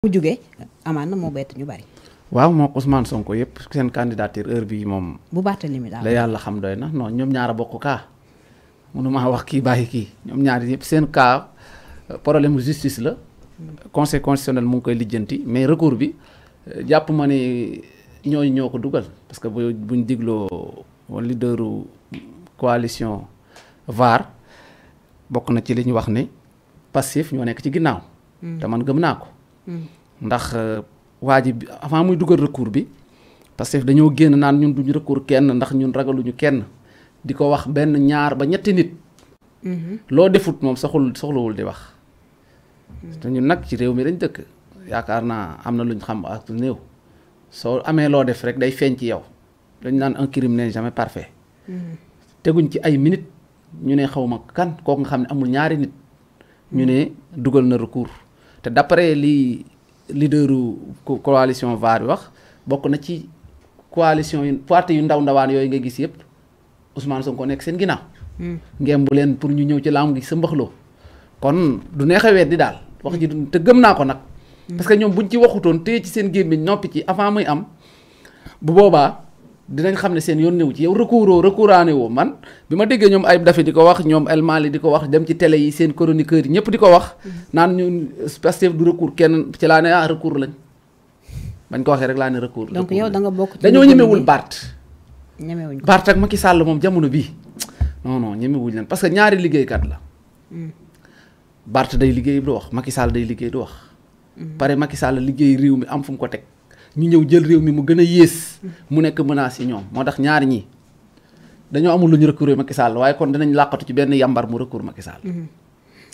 mu jugee amaan na moo bett ñu bari. waaw moom Ousmane Sonko yëpp seen candidature heure bi moom. bu Barthélemy daal la yàlla xam doy na non ñoom ñaar a bokk kaa mënuma wax kii bàyyi kii ñoom ñaar yëpp seen kaa problème justice la. conseil constitutionnel mu ngi koy lijjanti mais recours bi jàpp ma ne ñooñu ñoo ko dugal parce que bu buñ digloo leaderu coalition VAR bokk na ci li ñu wax ni passif ñoo nekk ci ginnaaw. Mm. te man gëm naa ko. ndax euh, waa bi avant muy dugal recours bi parce que dañoo génn naan ñun duñu recours kenn ndax ñun ragaluñu kenn di ko wax benn ñaar ba ñetti nit. Mhm. loo defut moom soxul soxlawul di wax. te ñun nag ci réew mi dañ dëkk yaakaar naa am na luñ xam ak néew soo amee loo def rek day feeñ ci yow dañ naan un crime n'est jamais parfait. Mhm. teguñ ci ay minutes ñu ne xaw ma kan kooku nga xam ne amul ñaari nit ñu ne dugal na recours. te d'après li leaderu coalition VAR bi wax bokk na ci coalition yu parti yu ndaw ndawaan yooyu nga gis yëpp Ousmane Sonko nekk seen ginnaaw. Hmm. ngem bu leen pour ñu ñëw ci làmb gi sa mbaxloo kon du neexee wet di daal. wax ji te gëm naa ko nag. Hmm. parce que ñoom buñ ci waxutoon téye ci seen gémmiñ noppi ci avant muy am bu boobaa. dinañ xam ne seen yoon néew ci yow recouro recourané woo man bi ma déggee ñoom ayib dafe di ko wax ñoom El Mali di ko wax dem ci télé yi seen chroniqueur yi ñëpp di ko wax mm-hmm. naan ñun Pastef du recours kenn ci laa ne ah recours lañ bañ ko waxee rek laa ne recours donc yow da nga bokk dañoo ñemewul Bart ñemewuñ Bart ak Macky Sall moom jamono bii non non ñemewuñ leen parce que ñaari liggéey kat la mm. Bart day liggéey du wax Macky Sall day liggéey du wax mm-hmm. pare Macky Sall liggéey réew mi am fu mu ko teg ñu ñëw jël réew mi mu gën a yées mu nekk menace yi ñoom moo tax ñaar ñi dañoo amul lu ñu recours Macky Sall waaye kon dinañ làqatu ci benn yambar mu recours Macky Sall. Mm-hmm.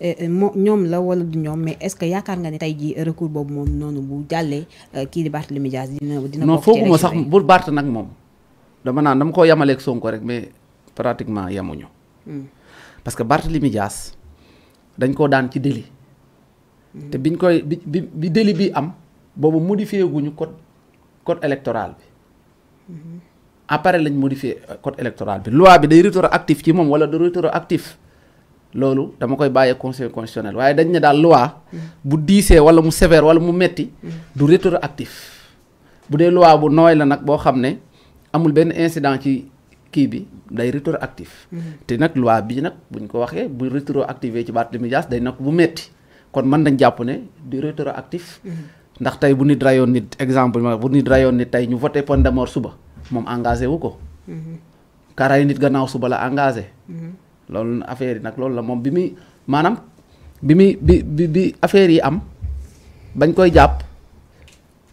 Eh, eh, ñoom la wala du ñoom mais est ce que yaakaar nga ne tey jii recours boobu moom noonu bu jàllee euh, kii di Limi Dias dina dina non fooguma sax bu Barth nag moom dama naan dama koo yamaleeg Sonko rek mais pratiquement yamuñu. Mm. parce que Limi Dias dañ koo daan ci délit. Mm. te biñ koy bi bi délit bi am. boobu modifié guñu code code électoral bi mm-hmm. après lañ modifié euh, code électoral bi loi bi day rétroactif ci moom wala du rétroactif loolu dama koy bàyyee conseil constitutionnel waaye dañ ne daal loi mm-hmm. bu diisee wala mu sévère wala mu metti mm-hmm. du rétroactif bu dee loi bu nooy la nag boo xam ne amul benn incident ci kii bi day rétroactif te nag loi bi nag buñ ko waxee bu rétroactivé ci Barthélémy Dias day nag bu metti kon mën nañ jàpp ne du rétroactif ndax tay bu nit rayon nit exemple bu nit rayon nit tay ñu voter pon de mort suba mom engagé wu ko mm-hmm. ka ray nit gannaaw suba la engagé hmm lool affaire nak lool la mom bi muy maanaam bi muy bi bi affaire yi am bañ koy japp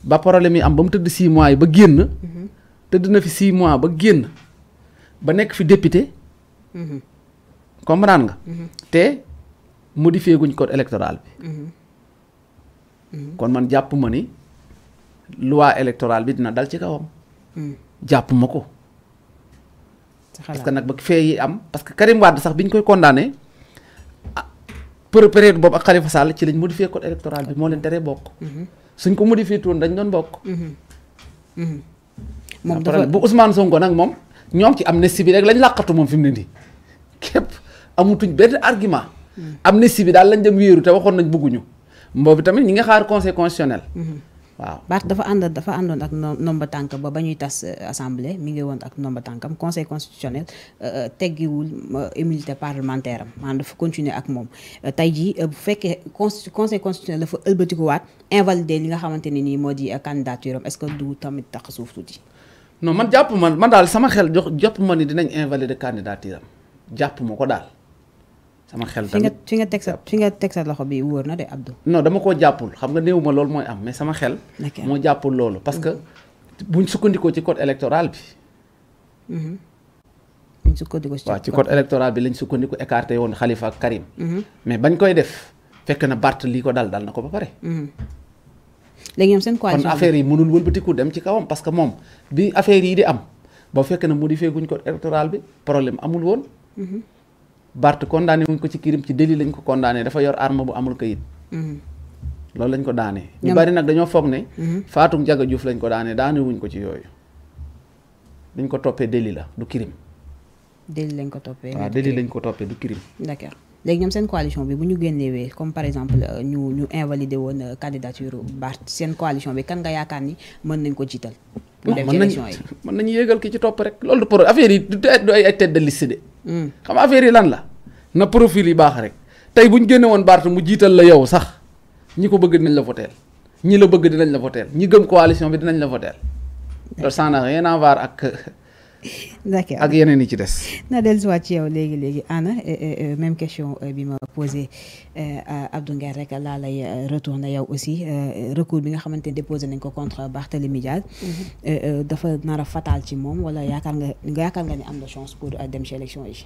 ba problème yi am bam teud 6 mois ba genn hmm teud na fi 6 mois ba genn ba nek fi député hmm comprendre nga hmm té modifier guñ code électoral bi hmm Hmm. kon man jappuma ni loi électorale bi dina dal ci kawam. Hmm. jàpp ko. parce que nak ba fee yi am parce que Karim wad sax biñ koy condamner ah, pour période boobu ak Khalifa Sall ci liñ modifier code électoral bi mo len téré bok hmm. suñ ko modifier tuwoon dañ don bok mom, dafa bu Ousmane Sonko nak moom ñom ci amnistie bi rek lañ laqatu mom fi ni kep képp amutuñ benn argument. amnistie bi dal lañ dem wëru té waxon nañ bëgguñu. boobu tamit ñi nga xaar conseil constitutionnel. Mhm. waaw Barth dafa ànd dafa àndoon ak nomba tànk ba ba ñuy tas euh, assemblée mi ngi woon ak nomba tànkam conseil constitutionnel euh, euh, teggiwul immunité parlementaire am maanaam dafa continuer ak moom tey jii bu fekkee conseil constitutionnel dafa ëlbatikuwaat invalider li nga xamante ni nii moo di candidature am est-ce que du tamit tax suuf tuuti. non ma jàpp ma ma daal sama xel jox jàpp ma ni dinañ invalider candidature am jàpp ma ko daal. fi nga teg sa loxo bi wóor na de Abdou. non dama koo jàppul xam nga néew ma loolu mooy am mais sama xel. moo jàppul loolu parce que buñ sukkandikoo ci code électoral bi. Mm-hmm. buñ sukkandikoo ci waaw ci Karim. Mm-hmm. mais bañ koy def fekk na Bart lii ko dal dal na ko ba pare. Mm-hmm. léegi ñoom seen coalition kon affaire yi mënul wëlbatiku dem ci kawam parce que moom bi affaire yi di am ba fekk na modifié guñ code électoral bi problème amul woon. Barth condamné wuñ ko ci crime ci délit lañ ko condamné dafa yor arme bu amul kayit. Mhm. loolu lañ ko daanee. ñu bari nag dañoo foog ne. Mhm. Fatou Ndiaga Diouf lañ ko daanee daane wuñ ko ci yooyu. dañ ko toppee délit la du crime. délit lañ ko toppee. waaw délit ko toppee du crime. d'accord léegi ñoom seen coalition bi bu ñu génnewee comme par exemple euh, ñu ñu invalidé woon euh, candidature Barth seen coalition bi kan nga yaakaar ni mën nañ ko jiital. pour def élection yi mën nañu yéegal ki ci topp rek loolu du problème affaire yi xam affaire yi lan la na profil yi baax rek tey bu ñu génne woon Barth mu jiital la yow sax ñi ko bëgg dinañ la voteel ñi la bëgg dinañ la voteel ñi gëm coalition bi dinañ la voteel loolu ça n'a rien ak d'accord ak yeneen yi ci des. na dellusiwaat ci yow léegi léegi Anna eh, eh, eh, même question bi ma posé Abdou Nguer rek laa lay retourné yow aussi recours bi nga xamante ne déposé nañ ko contre Barthélémy Diaz. Mm-hmm. dafa nar a fatal ci moom wala yaakaar nga yaakaar nga ni am na chance pour dem ci élection yi.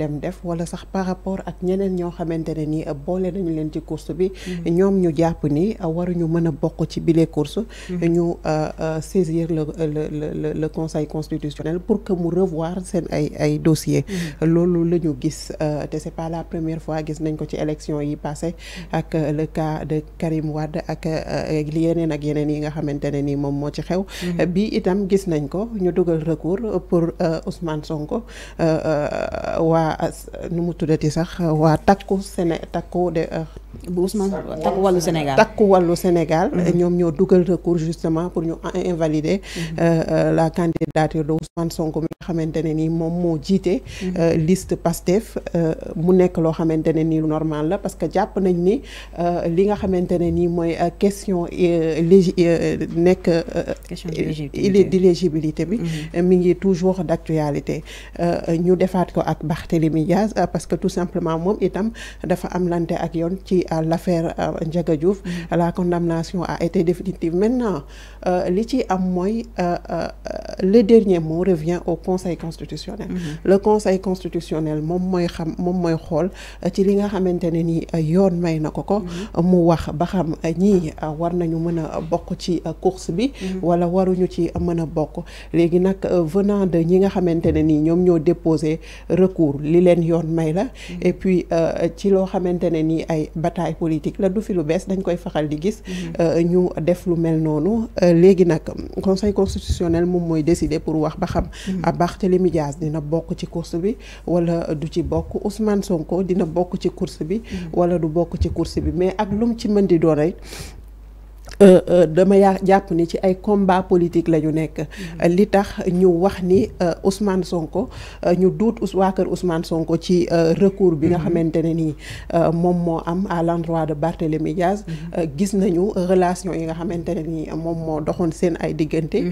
dem def wala sax par rapport ak ñeneen ñoo xamante ne nii boole nañu leen ci course bi ñoom ñu jàpp ni waruñu mën a bokk ci bile course ñu euh, euh, saisir le le le conseil constitutionnel pour que mu revoir seen ay ay dossier loolu la ñu gis euh, te c'est pas la première fois gis nañ ko ci élection yi passé ak le cas de Karim Wade ak yeneen ak yeneen yi nga xamante ne nii moom moo ci xew bi itam gis nañ ko ñu dugal recours pour Ousmane Sonko waa waa nu mu tuddati sax waa takku Séné takku de. Euh, bu Ousmane takku wàllu Sénégal takku wàllu Sénégal. Mm-hmm. ñoom ñoo dugal recours justement pour ñu invalider mm-hmm. euh, euh, la candidature de Ousmane Sonko ni liste normal parce que jàpp nañ question d'éligibilité mhm. toujours d'actualité euh, ñu ko ak Diaz euh, parce que tout simplement moom itam dafa am lante ak euh, l'affaire mhm. la condamnation a été définitive maintenant le dernier mot revient au conseil constitutionnel. Mhm. le conseil constitutionnel mom moy xam mom moy xol euh, ci li nga xamantene ni euh, yoon may na ko mhm. mu wax ba xam euh, ñii war nañu mën bok ci course bi. Mhm. wala waruñu ci mën bok bokk nak venant de ñi nga xamantene ni ñom ñoo déposé recours li len yoon may la. et puis ci lo xamantene ni ay bataille politique la du fi lu bees dañ koy faxal di gis. ñu def lu mel nonu nak conseil constitutionnel mom moy décider pour wax ba xam. Barthélémy Dias dina bokk ci course bi wala du ci bokk Ousmane Sonko dina bokk ci course bi mm. wala du bokk ci course bi mais ak lum ci mën di doon rek Euh, euh, dama japp ni ci ay combat politique la nek mm-hmm. li tax ñu wax ni euh, Ousmane Sonko ñu doot Ouswaker Ousmane Sonko ci recours bi nga mm-hmm. xamantene ni mom mo am à l'endroit de Barthélémy Diaz mm-hmm. gis nañu relation yi nga xamantene ni mom mo doxone sen ay digënté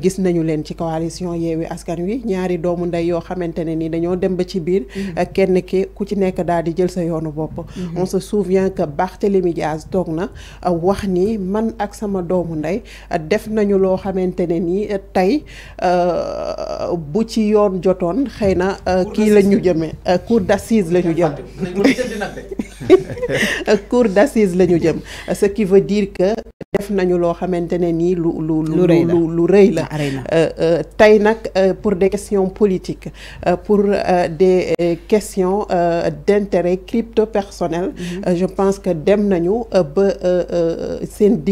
gis nañu len ci coalition Yewwi Askan Wi ñaari doomu nday yo xamantene ni dañoo dem ba ci biir kenn ki ku ci nek daal di jël sa yoonu bop on se souvient que Barthélémy Diaz toog na wax ni man Aksama ak sama doomu nday def nañu loo xamantene ni nii tey euh, bu ci yoon jotoon xëy na euh, kii la ñu jëmee euh, cour d'assises la ñu jëm cour d'assises la ñu jëm ce qui veut dire que def nañu loo xamante pour des questions politiques euh, pour euh, des euh, questions d'intérêt crypto personnel mm-hmm. je pense que dem nañu ba seen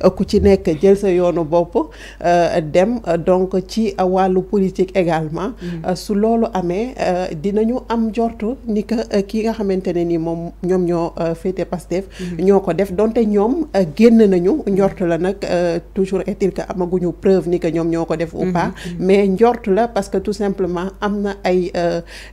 euh, ku ci nekk jël sa yoonu bopp euh, dem euh, donc ci walu politique également mm-hmm. su loolu amee dinañu am jortu ni que ki nga maintenu ni moom ñoom ñoo fété Pastef mm-hmm. ñoo ko def donte ñoom génn nañu njortu la nag toujours est-il que amaguñu preuve ni que ñoom ñoo ko def ou mm-hmm. pas mais njortu la parce que tout simplement amna na ay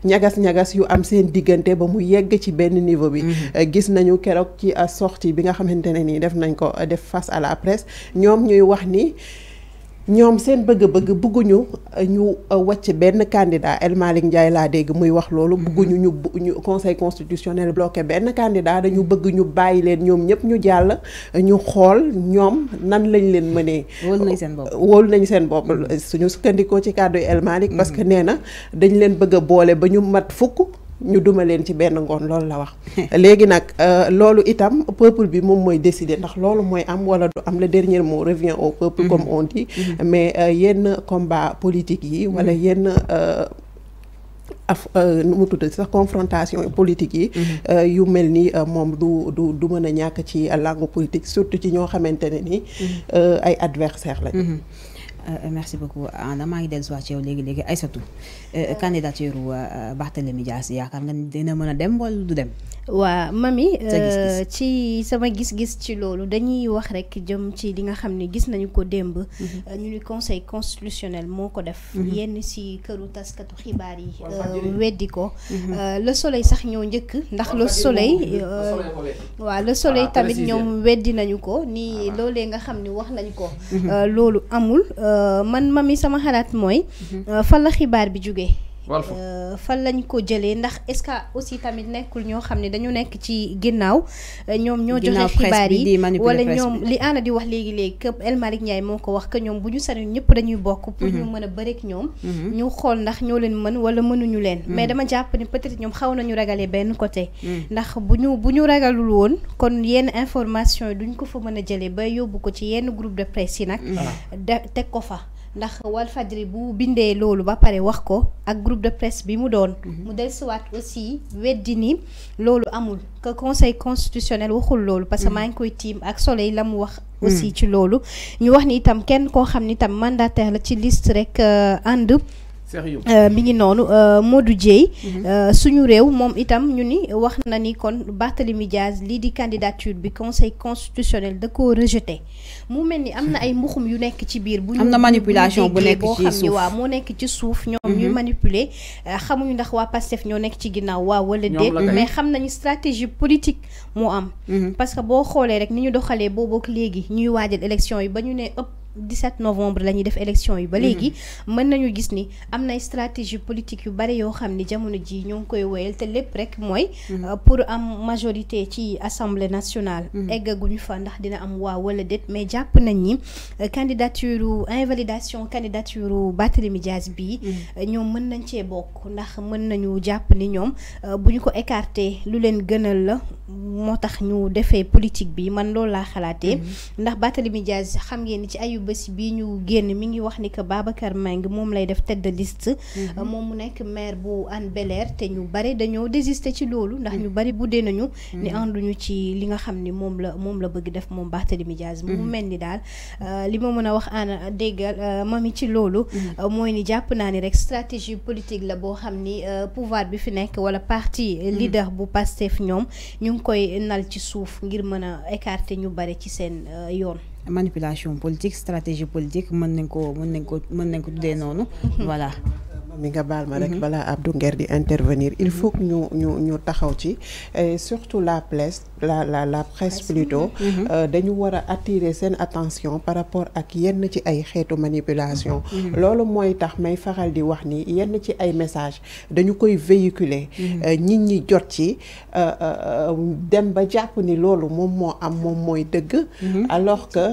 ñagas-ñagas yu am seen diggante ba mu yegg ci benn niveau bi gis nañu keroog ci sortie bi nga xamante ni def nañ ko def face à la la ñoom ñuy wax ni ñoom seen bëgg-bëgg bëgguñu euh, ñu euh, wàcc benn candidat El Malick Ndiaye laa dégg muy wax loolu. Mm-hmm. bëgguñu ñu ñu conseil constitutionnel bloqué benn candidat dañu bëgg ñu bàyyi leen ñoom ñëpp ñu jàll ñu xool ñoom nan lañ leen mënee. wóolu nañ seen bopp wóolu seen bopp suñu sukkandikoo ci kàddu El Malick. parce que mm-hmm. nee na dañ leen bëgg a boole ba ñu mat fukk. ñu duma leen ci benn ngoon loolu la wax léegi nag euh, loolu itam peuple bi moom mooy décider ndax loolu mooy am wala du am le dernier mot revient au peuple comme mm-hmm. on dit mm-hmm. mais euh, yenn combat politique yi wala mm-hmm. yenn euh, af nu mu tudd sax confrontation politique yi yu mel ni moom du du du mën a ñàkk ci langue politique surtout ci ñoo xamante ne ni ay adversaire lañ Euh, euh, merci beaucoup Anna ah, maa ngi dellusiwaat ci yow léegi léegi Aïssatou euh, candidature Barthélémy Dias yaakaar nga dina mën a dem wala du dem waa mami euh, ci sama gis-gis ci loolu dañuy wax rekk jëm ci li nga xam ne gis nañu ko démb. Mhm. Euh, ñu mm ni conseil constitutionnel moo ko def. Mm -hmm. yenn ci këru taskatu xibaar yi. Uh, weddi ko. Mm -hmm. uh, soleil sax ñoo njëkk ndax euh, le soleil. waaw le soleil ah, tamit ñoom weddi nañu ko nii ah, loolee nga xam ni wax nañu ko. Mhm. Euh, loolu amul man mami sama xalaat mooy. Mhm. fan la xibaar bi jóge Euh, fan lañ ko jëlee ndax est-ce que aussi tamit nekkul ñoo xam ne dañu nekk ci ginnaaw euh, ñoom ñoo joxe xibaar yi wala ñoom li aana di wax léegi léegi que El Malick Ndiaye moo ko wax que ñoom bu ñu sañu ñëpp dañuy bokk pour ñu mhm. mën a bëreek ñoom mhm. ñu xool ndax ñoo leen mën wala mënuñu leen mhm. mais dama jàpp ni peut-être ñoom xaw nañu ragalee benn côté ndax bu ñu bu ñu ragalul woon kon yenn information yi duñ ko fa mën a jëlee ba yóbbu ko ci yenn groupe de presse yi nag teg ko fa ndax Walfadjri bu bindee loolu ba pare wax ko ak groupe de presse bi mu doon mhm. mu dellusiwaat aussi weddi ni loolu amul que conseil constitutionnel waxul loolu parce que mhm. maa ngi koy tiim ak soleil la mu wax mhm. aussi ci loolu ñu wax ni itam kenn koo xam ni itam mandataire la ci list rek euh, ànd Euh, mi ngi noonu euh, Modou Dieye mhm. euh, suñu réew moom itam ñu ni wax na ni kon Barthélemy Diaz lii di candidature bi conseil constitutionnel da koo rejeté mu mel ni am na ay mbuxum yu nekk ci biir bu ñu am na manipulation bu nekk ci suuf boo xam ni moo nekk ci suuf ñoom ñuy mhm. manipuler xamuñu ndax waa Pastef ñoo nekk ci ginnaaw waaw wala déet mais xam nañu stratégie politique moo am mhm. parce que boo xoolee rek ni ñu doxalee boobook léegi ñuy waajal élection yi ba ñu ne ëpp 17 novembre la def élection yi ba mhm. légui mën nañu gis ni am nay stratégie politique yu bari yo xamni jamono ji ñong koy woyal té lépp rek moy mhm. euh, pour am majorité ci assemblée nationale mhm. eggaguñu fa ndax dina am waaw wala mais japp nañ ni euh, candidature invalidation candidature Barthélémy Diaz bi euh, ñom mën nañ ci bokk ndax mën nañu japp ni ñom buñ ko écarté lu leen gënal la motax ñu défé politique bi man loolu la xalaté ndax Barthélémy Diaz xam ngeen ci ayu bés bi ñu génn mi ngi wax ni que Babacar Mbengue moom lay def tête de liste. Mhm. moom mu nekk maire bu Hann bel te ñu bare dañoo désister ci loolu ndax ñu bari buddee nañu. Mhm. ni ànduñu ci li nga xam ni moom la moom la bëgg def moom Barthélémy Dias. mu mhm. mel ni daal euh, li ma mën a wax ana déggal euh, mami ci loolu. Euh, mooy ni jàpp naa ni rek stratégie politique la boo xam ni pouvoir bi fi nekk wala parti leader bu Pastef ñoom ñu ngi koy nal ci suuf ngir mën a écarter ñu bare ci seen yoon. manipulation politique stratégie politique mën nañ ko mën nañ ko mën nañ ko tuddee noonu mhm. voilà mi nga baal mhm. Abdou Nguer di intervenir il faut que ñu ñu ñu taxaw ci surtout la presse la la la presse plutôt mhm. Mhm. Euh, dañu wara attirer sen attention par rapport ak yenn ci ay xeetu manipulation Lolu moy tax may faral di wax ni yenn ci ay message dañu koy véhiculer euh, nit ñi jot ci euh, dem ba japp ni lolu mom mo am mom moy deug alors que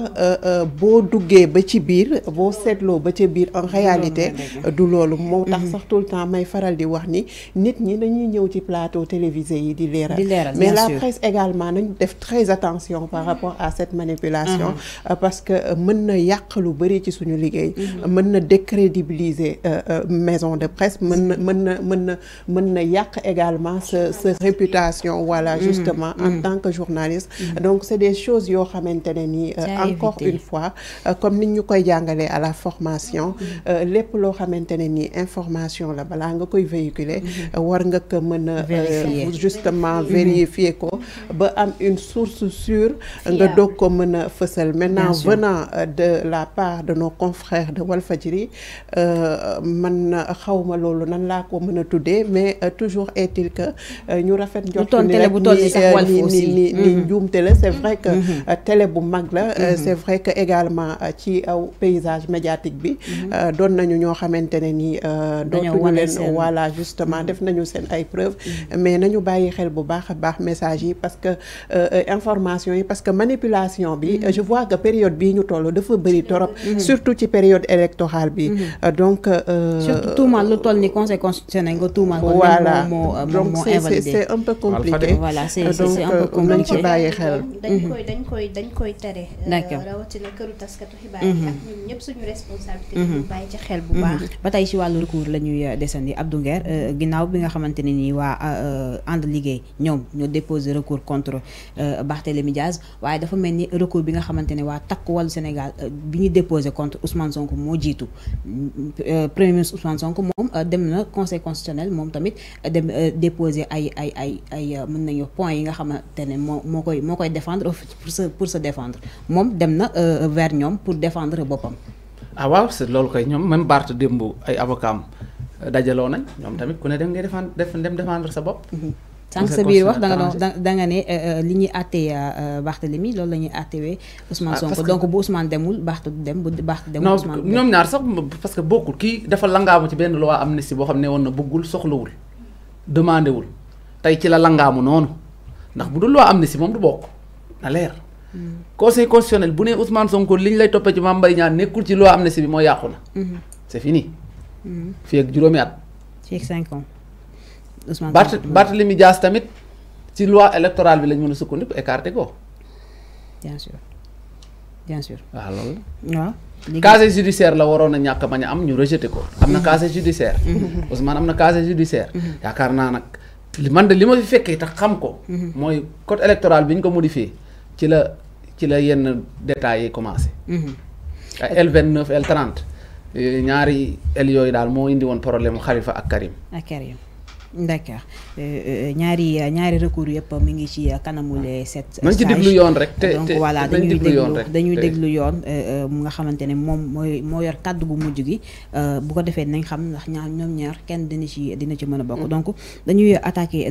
bo duggé ba ci bir bo setlo ba ci bir en réalité du lolu mo ndax mhm. tout le temps may faral di wax ni nit ñi dañuy ñëw ci plateau télévisé yi di leeral mais la presse également nañu def très attention par mhm. rapport à cette manipulation mhm. euh, parce que euh, mën na yàq lu bëri ci suñu liggéey mën na décrédibiliser euh, maison de presse mën na mën na mën na mën également sa sa réputation voilà justement en tant que journaliste donc c'est des choses yoo xamante ne encore une fois comme ni ñu koy jàngalee à la formation lépp loo xamante ne information la bala nga koy véhiculer mhm. war nga ko mën euh, justement mhm. vérifier ko ba am une source sûre nga doog ko mën a maintenant venant euh, de la part de nos confrères de Walfadjiri euh man xawma lolu nan la ko mën a mais euh, toujours est-il que ñu rafet ñot ni ni ni ni mhm. njuumte télé c'est vrai que télé bu mag la c'est vrai que également ci aw paysage médiatique bi don nañu ño xamante ni nii euh, dootuñu leen voilà mm-hmm. justement def nañu sen ay preuves mm-hmm. mais nañu bayyi xel bu baax baax message yi parce que euh, euh, information yi parce que manipulation bi mm-hmm. je vois que période bi ñu tollu dafa bëri torop surtout ci période électorale bi donc surtout tuumaal lu toll ni conseil constitutionnel nga tuumaal voilà donc c'est un peu compliqué voilà c'est un peu compliqué bayyi xel dañ koy dañ koy dañ koy tere rawatina këru taskatu xibaar yi ak ñun ñëpp suñu responsabilité ñu bàyyi ci xel bu baax ba tey si wàllu Cour la ñuy euh, desandi Abdou Nguer euh, ginaaw bi nga xamanteni ne nii ligue euh, ànd liggéey ñoom recours contre Barthélémy Diaz waye dafa melni ni recours bi nga xamanteni wa waa wal Senegal, Sénégal bi contre Ousmane Sonko mo jitu premier ministre Ousmane Sonko mom dem na conseil constitutionnel mom tamit dem déposer ay ay ay ay mën nañu point yi nga xamanteni mo koy mo koy défendre pour se pour se défendre mom dem na vers ñom pour défendre bopam awal c'est c' kay ñom même Bart dembu ay avocat eh, dajalo nañ ñom tamit ku ne dem ngay défendre def dem défendre sa bop mhm. sank sa biir wax da nga da nga ne eh, eh, li ñuy àttee limi loolu lañuy ñuy wé Ousmane ah, Sonko donc bu Ousmane demul Barth du dem bu Barth dem Ousmane ñom ñaar sax parce que bokul ki dafa langamu ci benn loi amnesty bo xamné won na bëggul soxlawul demandé wul tay ci la langamu nonu ndax bu du loi amnesty mom du bok na lèr Mm-hmm. conseil constitutionnel bu ne Ousmane Sonko liñ lay topé ci Mame Mbaye amne nekkul ci loi amnistie bi mo yàqu na. Mm-hmm. c'est fini. Mm-hmm. fi ak juromi at. ci 5 ans. Ousmane Bart limi Dias tamit ci loi électorale bi lañ mëna a ko écarté ko. bien sûr bien sûr. Ah, waaw lol la. Kase casier judiciaire la waroon a ñàkk am ñu rejeté ko. am casier judiciaire. Ousmane am casier judiciaire. li de limo ma fi fekkee tax xam ko. mooy code électoral ko ci la. ci la yenn détails yi commencé. L29 mhm. L30 ñaari L yooyu daal moo indi woon problème mu ak Karim. ak Karim d'accord euh, euh, ñaari ñaari recours yëpp mi ngi ci kanamu ah. les sept. nañ yoon rek te donc voilà dañuy déglu dañuy déglu yoon euh, mu nga xamante ne moom mooy moo yor kàddu gu mujj gi bu ko defee nañ xam ndax ñaar ñoom ñaar kenn dina ci dina ci mën a bokk mm. donc dañuy attaquer.